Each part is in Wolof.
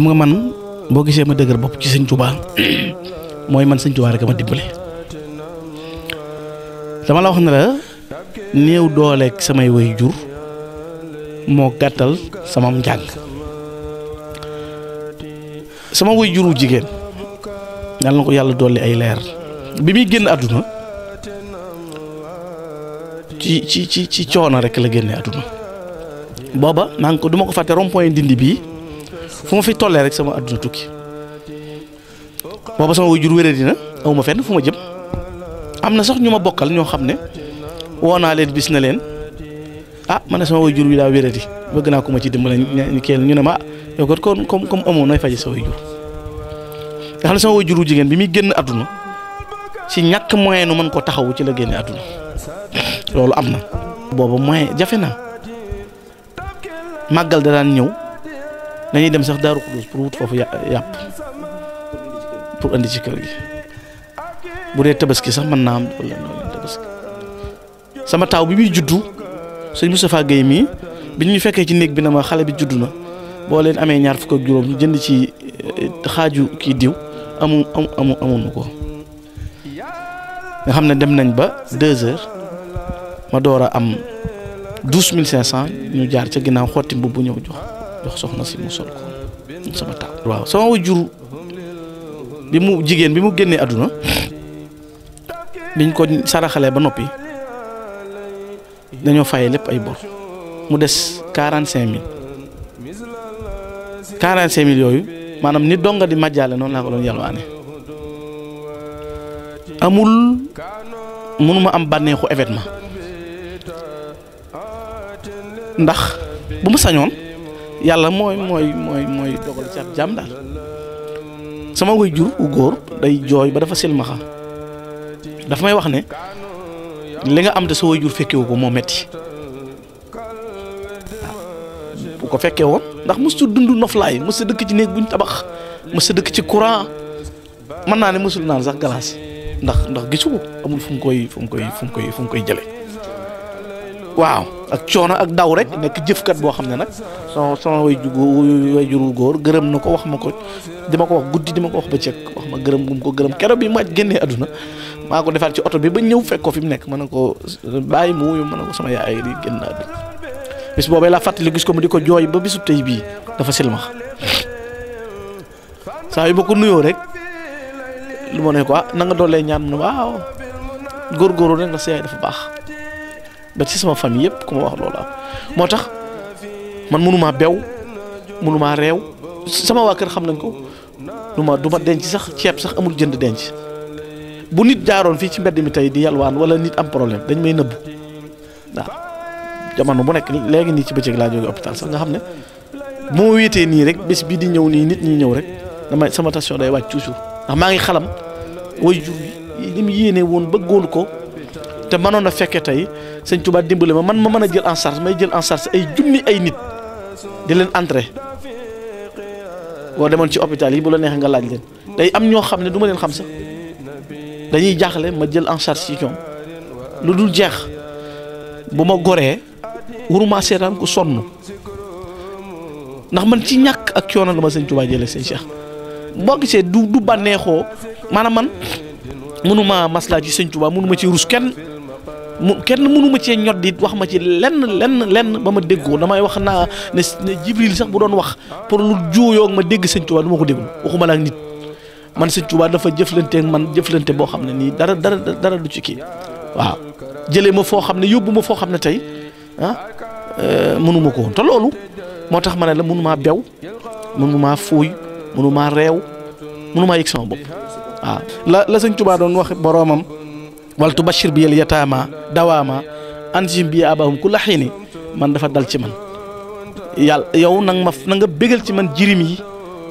xam nga man boo gisee ma dëgër bopp ci sëñ Touba mooy man sañ Touba rek ma dimbale dama la wax ne la néew dooleeg samay way jur moo gàttal sama njàng sama way juru jigéen yàlla na ko yàlla dolli ay leer bi muy génn àdduna ci ci ci ci coono rek la génne àdduna booba maa ngi ko duma ko fàtte rond-point dindi fu ma fi tollee rek sama àdduna tukki booba sama waajur wéree dina aw ma fenn fu ma jëm am na sax ñu ma bokkal ñoo xam ne woo naa leen bis na leen ah man ne sama waajur wi daa wérati bëgg naa ko ma ci dimbale ñu kenn ñu ne ma ah, yow kat kon comme comme nay nooy faje sa waajur nga xam jigéen bi muy génn àdduna ci ñàkk moyen nu mën koo taxawu ci la génne àdduna loolu am na booba moyen jafe na màggal da daan ñëw nañuy dem sax Daaru Xudoos pour wut foofu yàpp pour indi ci kër gi bu dee tabaski sax man naa am wala noonu sama taaw bi muy juddu sëñ Moustapha Guèye mii bi ñuy fekkee ci néeg bi na ma xale bi juddu na boo leen amee ñaar fukk ak juróom jënd ci eh, xaaju kii diw amu amu amuñu ko nga xam ne dem nañ ba deux heures ma door a am douze mille cinq cent ñu jaar ca ginnaaw xotti mbubb bu ñëw jox. jox soxna si mu sol ko sama taat bi mu jigéen bi mu génnee àdduna biñ ko saraxalee ba noppi dañoo fayee lépp ay bor mu des quarante cinq mille quarante cinq mille yooyu maanaam ni donga di majjaale noonu laa ko doon yalwaane amul mënuma am bànneexu événement ndax bu ma sañoon yàlla mooy mooy mooy mooy dogal ci ab jaam daal sama way jur u góor day jooy ba dafa silmaxa daf may wax ne li nga am te sa way jur fekkewu ko moo metti bu ko fekkee woon ndax mosul dund noflaay mosul dëkk ci néeg buñ tabax mosul dëkk ci courant mën naa ne mosul naan sax galaas ndax ndax gisu ko amul fu mu koy fu mu koy fu mu koy fu koy jële waaw ak coono ak daw rek nekk jëfkat boo xam ne nag son son way juru góor gërëm na ko wax ma ko ma ko wax guddi ma ko wax bëccëg wax ma gërëm gum ko gërëm keroog bi ma génnee àdduna maa ko defaat ci oto bi ba ñëw fekk ko fi mu nekk mën na ko bàyyi mu wuyu mën na ko sama yaay fàttali gis ko mu di ko jooy ba bisu tey bii dafa silmax saa yu nuyoo rek lu ma ne ko ah na nga doolee ñaan mu ne waaw góorgóorlu rek nga seey dafa baax. ba ci sama famille yëpp ku ma wax loolu am moo tax man mënumaa bew mënumaa réew sama waa kër xam nañ ko duma ma du ma denc sax ceeb sax amul jënd denc bu nit jaaroon fii ci mbedd mi tey di yalwaan wala nit am problème dañ may nëbbu waaw jamono bu nekk nii léegi nii ci bëccëg laa jóge hôpital sax nga xam ne moo wéetee nii rek bés bii di ñëw nii nit ñi ñëw rek damay sama tension day wàcc toujours ndax maa ngi xalam way jur yi ni mu yéene woon bëggoon ko te mënoon a fekkee tey sëñ Touba dimbali ma man ma mën a jël en charge may jël en charge ay junni ay nit di leen entrer woo demal ci hôpital yi bu la neexee nga laaj leen day am ñoo xam ne duma leen xam sax dañuy jaaxle ma jël en charge ci ñoom lu dul jeex bu ma goree waruma seetaan ku sonn ndax man ci ñàkk ak coono la ma sëñ Touba jëlee sëñ Cheikh boo gisee du du bànneexoo maanaam man mënuma maslaa ci sëñ Touba mënuma ci ruus kenn mu kenn mënu ma cee ñot di wax ma ci lenn lenn lenn ba ma déggoo damay wax naa ne Jibril sax bu doon wax pour lu juuyoo ma dégg sañ Tuubaa du ma ko déglu waxuma la ak nit man sëñ Tuubaa dafa jëflanteeg man jëflante boo xam ne nii dara dara dara du ci kii waaw jëlee ma foo xam ne yóbbu ma foo xam ne tey ah euh, mënuma ko woon loolu moo tax ma ne la mënumaa bew mënumaa fuuy mënumaa reew mënumaa yëg sama bopp waaw la la sëñ doon wax boroomam wal tubashir bi yal yataama dawaama anjim bi abahum ku laxiini man dafa dal ci man yàlla yow nag ma na bégal ci man jirim yi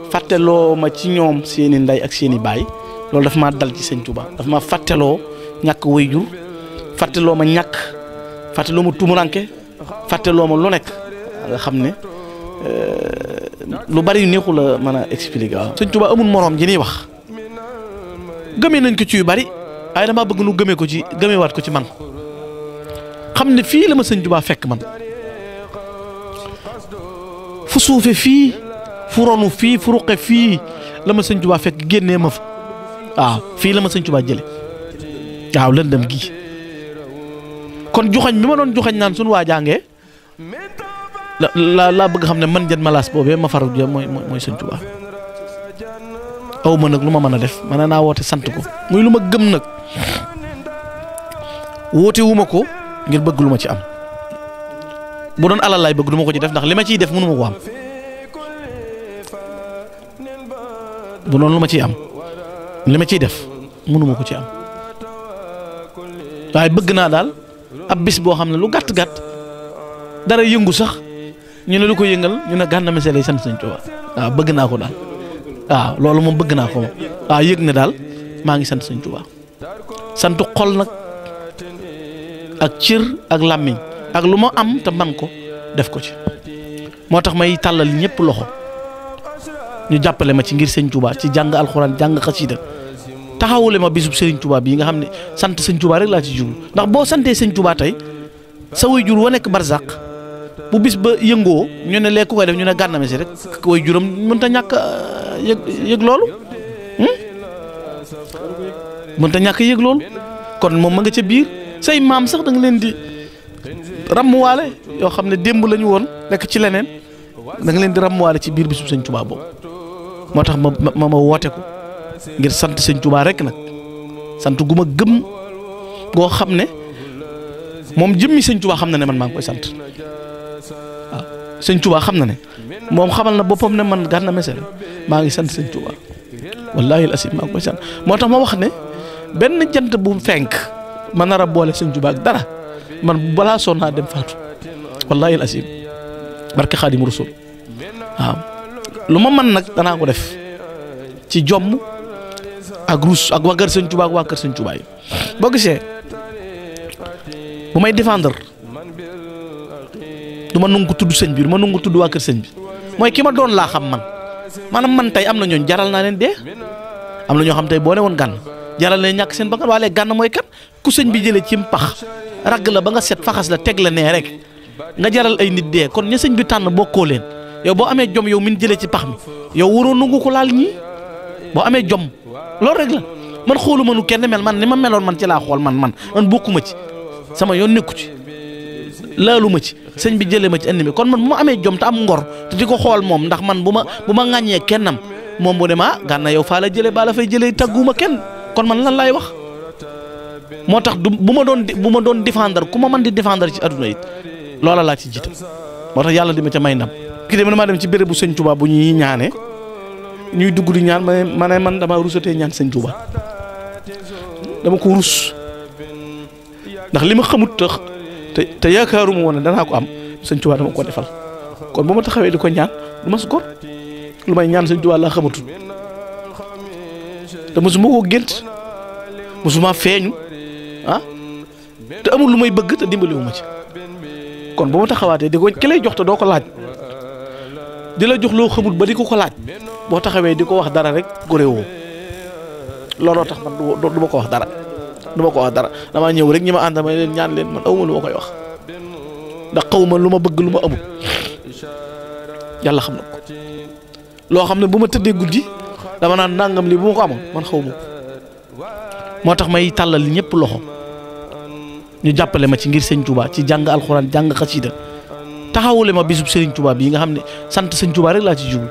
fàtteloo ma ci ñoom seeni ndey ak seeni baay loolu dafa maa dal ci sëñ Tuubaa dafa ma fàtteloo ñàkk wayjur fàtteloo ma ñàkk fàtteloo ma tumuranke fàtteloo ma lu nekk nga xam ne euh, lu bari neexu la mën a expliquer waaw sëñ Tuubaa moroom ji niy wax gëmee nañ ko ci yu bari waaye damaa bëgg nu gëmee ko ci gëmeewaat ko ci man xam ne fii la ma sëñ fekk man fu suufe fii fu ronu fii fu ruqe fii la ma sëñ Tuubaa fekk génnee ma fa waaw fii la ma sëñ Tuubaa jële waaw lëndëm gi kon joxañ bi ma doon joxañ naan suñu waa jàngee la la laa bëgg xam ne man jën malaas boobee ma faru mooy mooy sëñ aw ma nag lu ma mën a def mën naa woote sant ko muy lu ma gëm nag woote ko ngir bëgg lu ma ci am bu doon alalaay bëgg du ma ko ci def ndax li ma ciy def mënu ma ko am bu ma ciy am li ma ciy def ko ci am waaye bëgg naa daal ab bis boo xam ne lu gàtt gàtt dara yëngu sax ñu ne lu ko yëngal ñu ne Gana Messere lay sant Sëñ Tuubaa waaw bëgg naa ko daal. waaw loolu moom bëgg naa ko moom waaw yëg ne daal maa ngi sant sëñ Tuubaa sant xol nag ak cër ak làmmiñ ak lu ma am te man ko def ko ci moo tax may tàllali ñëpp loxo ñu jàppale ma ci ngir sëñ Tuubaa ci jàng alxuraan jàng xasiida taxawule ma bisub sëriñ Tuubaa bii nga xam ne sant sëñ Tuubaa rek laa ci jublu ndax boo santee sëñ tey sa way wa nekk barzaq bu bis ba yëngoo ñu ne lekk koy def ñu ne Gana si rek way juróom mënut a ñàkk euh, yëg yëg loolu hmm? mënut a ñàkk yëg loolu kon moom ma nga ca biir say maam sax da leen di ràmmuwaale yoo xam ne démb lañu woon lekk ci leneen da leen di ràmmuwaale ci biir bisub sëñ Tuubaa boobu moo tax ma ma ma woote ko ngir sant sëñ Tuubaa rek nag sant gu ma gëm goo xam ne moom jëmmi sëñ Tuubaa xam na ne man maa ngi koy sant sëñ Touba xam na ne moom xamal na boppam ne man Gana Messere maa ngi sant sëñ Touba wallaahi asim maa koy sant moo tax ma wax ne benn jant bu fenk ma nar a boole sëñ Touba ak dara man balaa soon naa dem faatu wallaahi asim barke Xaadimu Rasuul waaw lu ma mën nag danaa ko def ci jomm ak ruus ak waa kër sëñ Touba ak waa kër sëñ boo gisee bu may défendre. du ma nangu tudd sëñ bi ma nangu tudd waa kër sëñ mooy ki ma doon laa xam man maanaam man tey am na ñooñ jaral naa leen dee am na ñoo xam tey boo ne woon gànn jaral na ñàkk seen bakkan waaye léegi gànna mooy kat ku sëñ bi jëlee ci pax ragg la ba nga set faxas la teg la nee rek nga jaral ay nit dee kon ña sëñ bi tànn bokkoo leen yow boo amee jom yow min jële ci pax mi yow waroo nangu ko laal ñii boo amee jom loolu rek la man xooluma nu kenn mel man ni ma meloon man ci laa xool man man man bokkuma ci sama yoon nekku ci laaluma ci sëñ bi jëlee ma ci indi mi kon man bu ma amee jom te am ngor te di ko xool moom ndax man bu ma bu ma ŋàññee kennam moom bu ne ma gànna yow faa la jëlee baa la fay jëlee tagguma kenn kon man lan laay wax moo tax du bu ma doon bu ma doon défendre ku ma man di défendre ci adduna it loola laa ci jiitam moo tax yàlla di ma ca may ndam kii de man maa dem ci bu sëñ Touba bu ñuy ñaanee ñuy dugg di ñaan ma ne man damaa rusatee ñaan sëñ Touba dama ko rus ndax li te yaakaaruma woon ne danaa ko am sëñ Tuubaa dama ko defal kon bu ma taxawee di ko ñaan du ma gor lu may ñaan sëñ Tuubaa laa xamatul te mosuma ko gént mosuma feeñu ah te amul lu may bëgg te dimbaliwu ma ci kon bu ma taxawaatee di ko ki lay jox te doo ko laaj di la jox loo xamul ba di ko ko laaj boo taxawee di ko wax dara rek góore looloo tax man du ko wax dara. du ko wax dara damaa ñëw rek ñi ma ànd ma leen ñaan leen man awma lu ma koy wax ndax xaw ma lu ma bëgg lu ma amul yàlla xam na ko loo xam ne bu ma tëddee guddi dama naan nangam lii bu ma ko amoon man xaw ma ko moo tax may tàllal ñëpp loxo ñu jàppale ma ci ngir sëñ Touba ci jàng alxuraan jàng xasida taxawule ma bisub sëriñ Touba bii nga xam ne sant sëñ Touba rek laa ci jublu